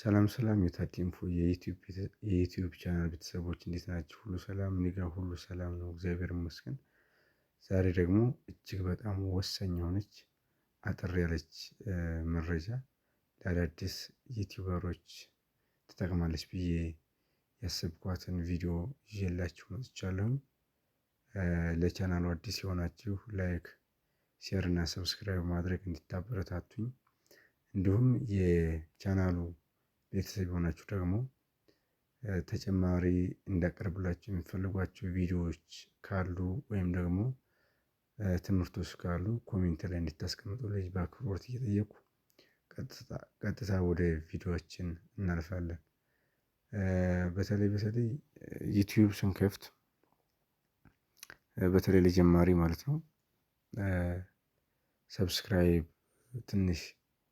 ሰላም ሰላም የታዲምፎ የዩቲዩብ ቻናል ቤተሰቦች እንዴት ናቸው? ሁሉ ሰላም፣ እኔ ጋር ሁሉ ሰላም ነው፣ እግዚአብሔር ይመስገን። ዛሬ ደግሞ እጅግ በጣም ወሳኝ የሆነች አጠር ያለች መረጃ ለአዳዲስ ዩቲዩበሮች ትጠቅማለች ብዬ ያሰብኳትን ቪዲዮ ይዤላችሁ መጥቻለሁኝ። ለቻናሉ አዲስ የሆናችሁ ላይክ፣ ሼር እና ሰብስክራይብ ማድረግ እንድታበረታቱኝ እንዲሁም የቻናሉ ቤተሰብ የሆናችሁ ደግሞ ተጨማሪ እንዳቀርብላችሁ የሚፈልጓቸው ቪዲዮዎች ካሉ ወይም ደግሞ ትምህርቶች ካሉ ኮሜንት ላይ ልጅ በአክብሮት እየጠየቁ ቀጥታ ወደ ቪዲዮዎችን እናልፋለን። በተለይ በተለይ ዩቲዩብ ስንከፍት በተለይ ለጀማሪ ማለት ነው ሰብስክራይብ ትንሽ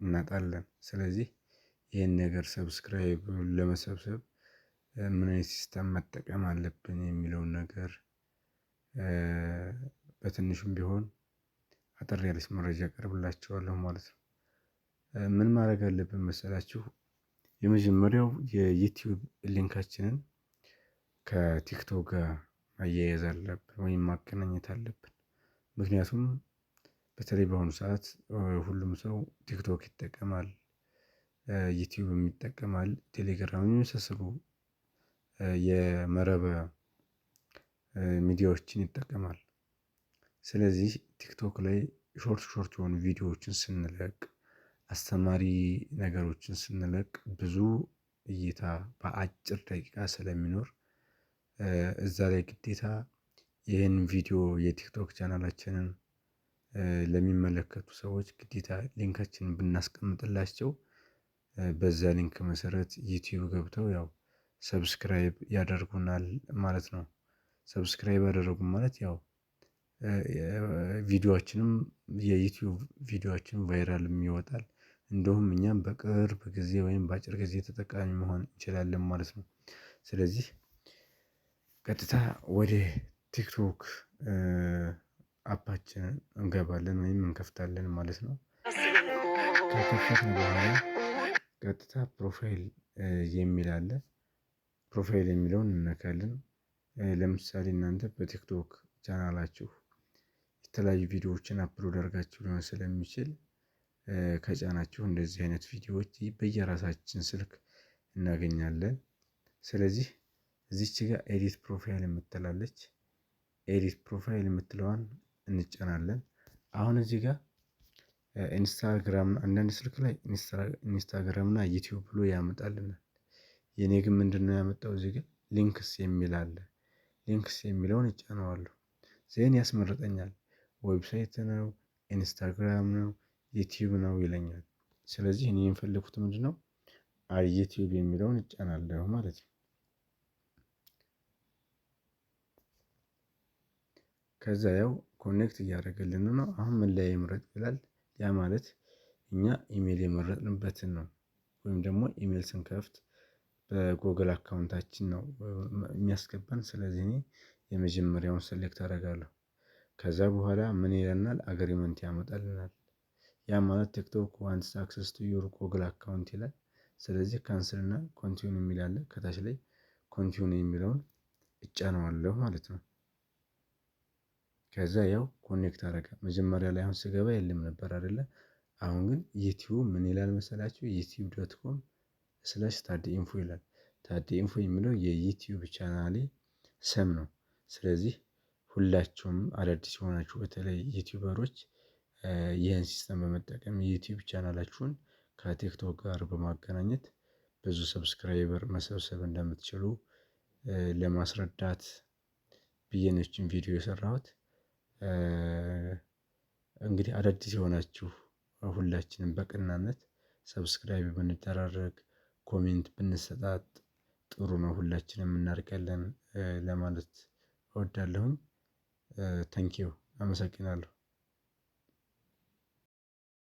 እናጣለን። ስለዚህ ይህን ነገር ሰብስክራይብ ለመሰብሰብ ምን አይነት ሲስተም መጠቀም አለብን የሚለውን ነገር በትንሹም ቢሆን አጠር ያለች መረጃ ቀርብላቸዋለሁ ማለት ነው። ምን ማድረግ አለብን መሰላችሁ? የመጀመሪያው የዩቲዩብ ሊንካችንን ከቲክቶክ ጋር ማያያዝ አለብን ወይም ማገናኘት አለብን። ምክንያቱም በተለይ በአሁኑ ሰዓት ሁሉም ሰው ቲክቶክ ይጠቀማል ዩቲዩብ ይጠቀማል ቴሌግራም የመሳሰሉ የመረበ ሚዲያዎችን ይጠቀማል። ስለዚህ ቲክቶክ ላይ ሾርት ሾርት የሆኑ ቪዲዮዎችን ስንለቅ አስተማሪ ነገሮችን ስንለቅ ብዙ እይታ በአጭር ደቂቃ ስለሚኖር እዛ ላይ ግዴታ ይህን ቪዲዮ የቲክቶክ ቻናላችንን ለሚመለከቱ ሰዎች ግዴታ ሊንካችንን ብናስቀምጥላቸው በዛ ሊንክ መሰረት ዩቲዩብ ገብተው ያው ሰብስክራይብ ያደርጉናል ማለት ነው። ሰብስክራይብ ያደረጉ ማለት ያው ቪዲዮችንም የዩቲዩብ ቪዲዮችን ቫይራልም ይወጣል እንደሁም እኛም በቅርብ ጊዜ ወይም በአጭር ጊዜ ተጠቃሚ መሆን እንችላለን ማለት ነው። ስለዚህ ቀጥታ ወደ ቲክቶክ አፓችንን እንገባለን ወይም እንከፍታለን ማለት ነው። ከከፈትን በኋላ ቀጥታ ፕሮፋይል የሚል አለ ፕሮፋይል የሚለውን እንነካለን። ለምሳሌ እናንተ በቲክቶክ ቻናላችሁ የተለያዩ ቪዲዮዎችን አፕሎድ አድርጋችሁ ሊሆን ስለሚችል ከጫናችሁ እንደዚህ አይነት ቪዲዮዎች በየራሳችን ስልክ እናገኛለን። ስለዚህ እዚች ጋር ኤዲት ፕሮፋይል የምትላለች ኤዲት ፕሮፋይል የምትለዋን እንጫናለን። አሁን እዚህ ጋር ኢንስታግራም አንዳንድ ስልክ ላይ ኢንስታግራም እና ዩቲዩብ ብሎ ያመጣልናል። የኔ ግን ምንድነው ያመጣው እዚህ ግን ሊንክስ የሚል አለ። ሊንክስ የሚለውን እጫነዋለሁ። ዜን ያስመርጠኛል ዌብሳይት ነው ኢንስታግራም ነው ዩቲዩብ ነው ይለኛል። ስለዚህ እኔ ምንድ ምንድነው? አይ ዩቲዩብ የሚለውን ይጫናለሁ ማለት ነው። ከዛ ያው ኮኔክት እያደረገልን ነው አሁን ምን ላይ ይምረጥ ይላል ያ ማለት እኛ ኢሜል የመረጥንበትን ነው ወይም ደግሞ ኢሜል ስንከፍት በጎግል አካውንታችን ነው የሚያስገባን። ስለዚህ እኔ የመጀመሪያውን ሰሌክት አደርጋለሁ። ከዛ በኋላ ምን ይለናል አግሪመንት ያመጣልናል። ያ ማለት ቲክቶክ ዋንትስ አክሰስ ቱ ዩር ጎግል አካውንት ይላል። ስለዚህ ካንስልና ኮንቲኒ የሚል አለ ከታች ላይ ኮንቲኒ የሚለውን እጫነዋለሁ ማለት ነው ከዛ ያው ኮኔክት አረገ። መጀመሪያ ላይ አሁን ስገባ የለም ነበር አደለ። አሁን ግን ዩቲዩብ ምን ይላል መሰላችሁ ዩቲዩብ ዶት ኮም ስላሽ ታዲ ኢንፎ ይላል። ታዲ ኢንፎ የሚለው የዩቲዩብ ቻናሌ ስም ነው። ስለዚህ ሁላችሁም አዳዲስ የሆናችሁ በተለይ ዩቲዩበሮች ይህን ሲስተም በመጠቀም የዩቲዩብ ቻናላችሁን ከቲክቶክ ጋር በማገናኘት ብዙ ሰብስክራይበር መሰብሰብ እንደምትችሉ ለማስረዳት ብየነችን ቪዲዮ የሰራሁት። እንግዲህ አዳዲስ የሆናችሁ ሁላችንም በቅናነት ሰብስክራይብ ብንደራረግ ኮሜንት ብንሰጣጥ ጥሩ ነው ሁላችንም እናርቀለን ለማለት እወዳለሁኝ። ተንኪዩ አመሰግናለሁ